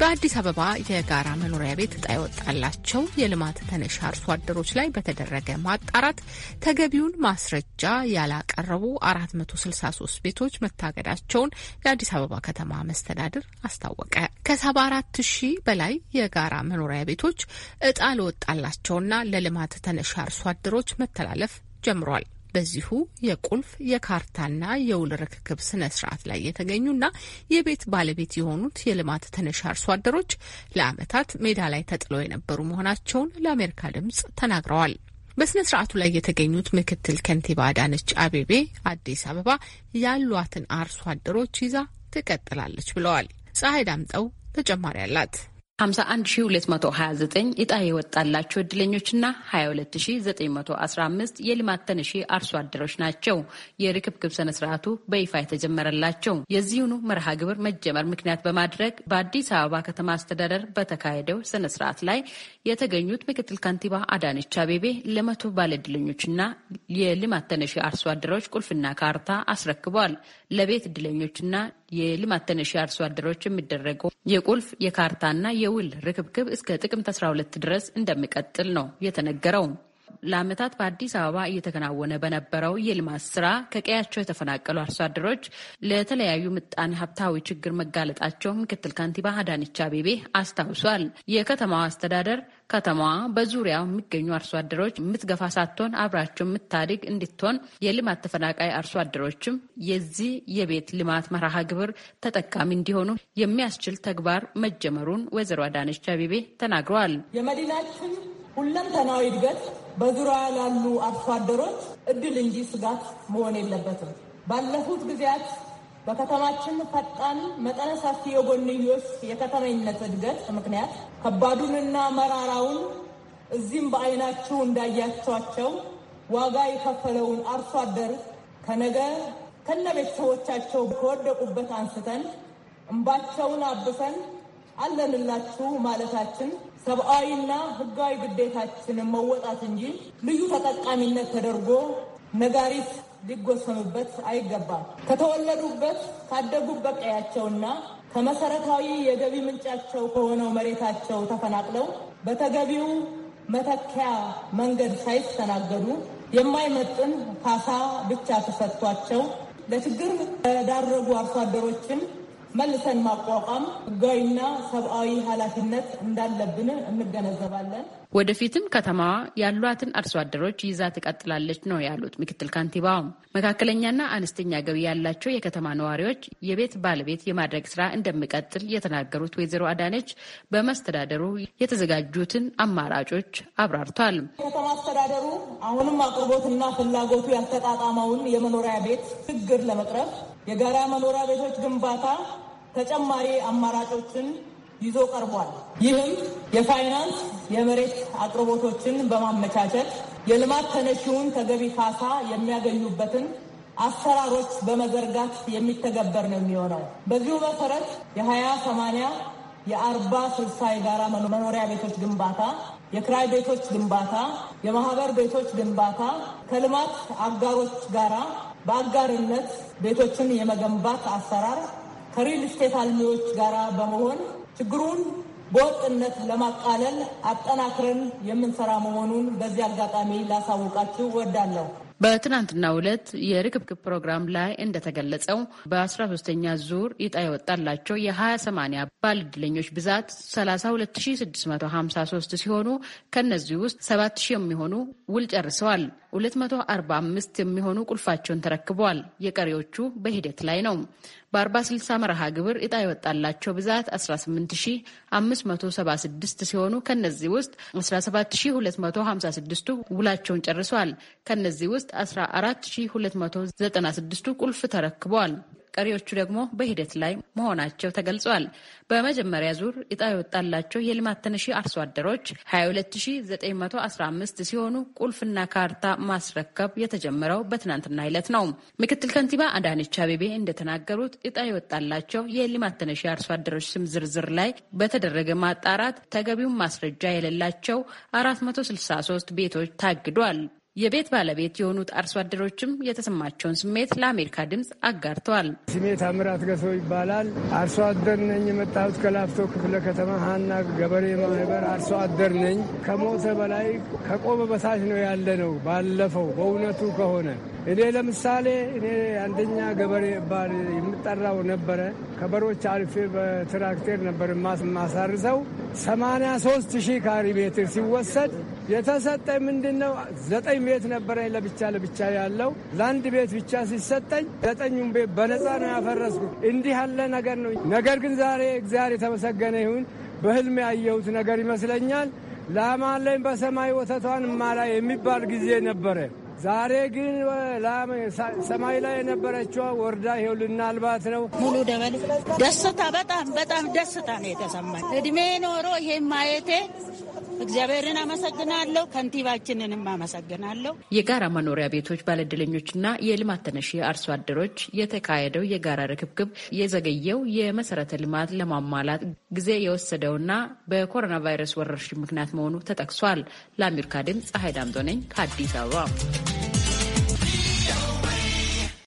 በአዲስ አበባ የጋራ መኖሪያ ቤት እጣ የወጣላቸው የልማት ተነሽ አርሶ አደሮች ላይ በተደረገ ማጣራት ተገቢውን ማስረጃ ያላቀረቡ 463 ቤቶች መታገዳቸውን የአዲስ አበባ ከተማ መስተዳድር አስታወቀ። ከ74 ሺህ በላይ የጋራ መኖሪያ ቤቶች እጣ ለወጣላቸውና ለልማት ተነሽ አርሶ አደሮች መተላለፍ ጀምሯል። በዚሁ የቁልፍ የካርታና የውል ርክክብ ስነ ስርዓት ላይ የተገኙና የቤት ባለቤት የሆኑት የልማት ተነሽ አርሶ አደሮች ለዓመታት ሜዳ ላይ ተጥለው የነበሩ መሆናቸውን ለአሜሪካ ድምጽ ተናግረዋል። በስነ ስርዓቱ ላይ የተገኙት ምክትል ከንቲባ አዳነች አቤቤ አዲስ አበባ ያሏትን አርሶ አደሮች ይዛ ትቀጥላለች ብለዋል። ፀሐይ ዳምጠው ተጨማሪ አላት። 51229 ዕጣ የወጣላቸው እድለኞችና 22915 የልማት ተነሺ አርሶ አደሮች ናቸው የርክብክብ ስነ ስርዓቱ በይፋ የተጀመረላቸው። የዚሁኑ መርሃ ግብር መጀመር ምክንያት በማድረግ በአዲስ አበባ ከተማ አስተዳደር በተካሄደው ስነ ስርዓት ላይ የተገኙት ምክትል ከንቲባ አዳነች አቤቤ ለመቶ ባለእድለኞችና የልማት ተነሺ አርሶ አደሮች ቁልፍና ካርታ አስረክቧል። ለቤት እድለኞችና የልማት ተነሺ አርሶ አደሮች የሚደረገው የቁልፍ የካርታና የውል ርክብክብ እስከ ጥቅምት 12 ድረስ እንደሚቀጥል ነው የተነገረው። ለዓመታት በአዲስ አበባ እየተከናወነ በነበረው የልማት ስራ ከቀያቸው የተፈናቀሉ አርሶ አደሮች ለተለያዩ ምጣኔ ሀብታዊ ችግር መጋለጣቸው ምክትል ከንቲባ አዳነች አቤቤ አስታውሷል። የከተማዋ አስተዳደር ከተማዋ በዙሪያው የሚገኙ አርሶ አደሮች የምትገፋ ሳትሆን አብራቸው የምታድግ እንድትሆን የልማት ተፈናቃይ አርሶ አደሮችም የዚህ የቤት ልማት መርሃ ግብር ተጠቃሚ እንዲሆኑ የሚያስችል ተግባር መጀመሩን ወይዘሮ አዳነች አቤቤ ተናግረዋል። የመዲናችን ሁለንተናዊ እድገት በዙሪያ ላሉ አርሶ አደሮች እድል እንጂ ስጋት መሆን የለበትም። ባለፉት ጊዜያት በከተማችን ፈጣን መጠነ ሰፊ የጎንዮሽ የከተማኝነት እድገት ምክንያት ከባዱንና መራራውን እዚህም በአይናቸው እንዳያቸዋቸው ዋጋ የከፈለውን አርሶ አደር ከነገ ከነ ቤተሰቦቻቸው ከወደቁበት አንስተን እንባቸውን አብሰን አለንላችሁ ማለታችን ሰብአዊና ህጋዊ ግዴታችንን መወጣት እንጂ ልዩ ተጠቃሚነት ተደርጎ ነጋሪት ሊጎሰምበት አይገባም። ከተወለዱበት ካደጉበት ቀያቸውና ከመሰረታዊ የገቢ ምንጫቸው ከሆነው መሬታቸው ተፈናቅለው በተገቢው መተኪያ መንገድ ሳይስተናገዱ የማይመጥን ካሳ ብቻ ተሰጥቷቸው ለችግር ተዳረጉ አርሶ አደሮችን መልሰን ማቋቋም ህጋዊና ሰብአዊ ኃላፊነት እንዳለብን እንገነዘባለን። ወደፊትም ከተማዋ ያሏትን አርሶ አደሮች ይዛ ትቀጥላለች ነው ያሉት ምክትል ካንቲባው። መካከለኛና አነስተኛ ገቢ ያላቸው የከተማ ነዋሪዎች የቤት ባለቤት የማድረግ ስራ እንደሚቀጥል የተናገሩት ወይዘሮ አዳነች በመስተዳደሩ የተዘጋጁትን አማራጮች አብራርቷል። ከተማ አስተዳደሩ አሁንም አቅርቦትና ፍላጎቱ ያልተጣጣመውን የመኖሪያ ቤት ችግር ለመቅረፍ የጋራ መኖሪያ ቤቶች ግንባታ ተጨማሪ አማራጮችን ይዞ ቀርቧል። ይህም የፋይናንስ የመሬት አቅርቦቶችን በማመቻቸት የልማት ተነሺውን ተገቢ ካሳ የሚያገኙበትን አሰራሮች በመዘርጋት የሚተገበር ነው የሚሆነው። በዚሁ መሰረት የሀያ ሰማንያ የአርባ ስልሳ የጋራ መኖሪያ ቤቶች ግንባታ የክራይ ቤቶች ግንባታ፣ የማህበር ቤቶች ግንባታ ከልማት አጋሮች ጋራ በአጋርነት ቤቶችን የመገንባት አሰራር ከሪል ስቴት አልሚዎች ጋራ በመሆን ችግሩን በወጥነት ለማቃለል አጠናክረን የምንሰራ መሆኑን በዚህ አጋጣሚ ላሳውቃችሁ እወዳለሁ። በትናንትናው ዕለት የርክብክብ ፕሮግራም ላይ እንደተገለጸው በ13ኛ ዙር ይጣ የወጣላቸው የ20/80 ባለዕድለኞች ብዛት 32653 ሲሆኑ ከእነዚህ ውስጥ 7000 የሚሆኑ ውል ጨርሰዋል። 245 የሚሆኑ ቁልፋቸውን ተረክበዋል። የቀሪዎቹ በሂደት ላይ ነው። በ 40 መርሃ ግብር እጣ የወጣላቸው ብዛት 18576 ሲሆኑ ከነዚህ ውስጥ 17256ቱ ውላቸውን ጨርሰዋል። ከነዚህ ውስጥ 14296ቱ ቁልፍ ተረክበዋል። ቀሪዎቹ ደግሞ በሂደት ላይ መሆናቸው ተገልጿል። በመጀመሪያ ዙር እጣ የወጣላቸው የልማት ተነሺ አርሶ አደሮች 22915 ሲሆኑ ቁልፍና ካርታ ማስረከብ የተጀመረው በትናንትና ዕለት ነው። ምክትል ከንቲባ አዳነች አቤቤ እንደተናገሩት እጣ የወጣላቸው የልማት ተነሺ አርሶ አደሮች ስም ዝርዝር ላይ በተደረገ ማጣራት ተገቢውን ማስረጃ የሌላቸው 463 ቤቶች ታግዷል። የቤት ባለቤት የሆኑት አርሶ አደሮችም የተሰማቸውን ስሜት ለአሜሪካ ድምፅ አጋርተዋል። ስሜ ታምራት ገሰው ይባላል። አርሶ አደር ነኝ። የመጣሁት ከላፍቶ ክፍለ ከተማ ሀና ገበሬ ማህበር አርሶ አደር ነኝ። ከሞተ በላይ ከቆመ በታች ነው ያለ ነው። ባለፈው በእውነቱ ከሆነ እኔ ለምሳሌ እኔ አንደኛ ገበሬ ባል የምጠራው ነበረ። ከበሮች አልፌ በትራክቴር ነበር ማሳርሰው 83 ሺህ ካሪ ሜትር ሲወሰድ የተሰጠኝ ምንድን ነው? ዘጠኝ ቤት ነበረኝ ለብቻ ለብቻ ያለው ለአንድ ቤት ብቻ ሲሰጠኝ ዘጠኙን ቤት በነፃ ነው ያፈረስኩ። እንዲህ ያለ ነገር ነው። ነገር ግን ዛሬ እግዚአብሔር የተመሰገነ ይሁን። በህልም ያየሁት ነገር ይመስለኛል። ላማን በሰማይ ወተቷን ማላ የሚባል ጊዜ ነበረ። ዛሬ ግን ሰማይ ላይ የነበረችዋ ወርዳ ይኸው ልናልባት ነው። ሙሉ ደበል ደስታ፣ በጣም በጣም ደስታ ነው የተሰማኝ። እድሜ ኖሮ ይሄ ማየቴ እግዚአብሔርን አመሰግናለሁ። ከንቲባችንንም አመሰግናለሁ። የጋራ መኖሪያ ቤቶች ባለድለኞችና የልማት ተነሺ አርሶ አደሮች የተካሄደው የጋራ ርክብክብ የዘገየው የመሰረተ ልማት ለማሟላት ጊዜ የወሰደውና በኮሮና ቫይረስ ወረርሽኝ ምክንያት መሆኑ ተጠቅሷል። ለአሜሪካ ድምፅ ፀሐይ ዳምጦ ነኝ ከአዲስ አበባ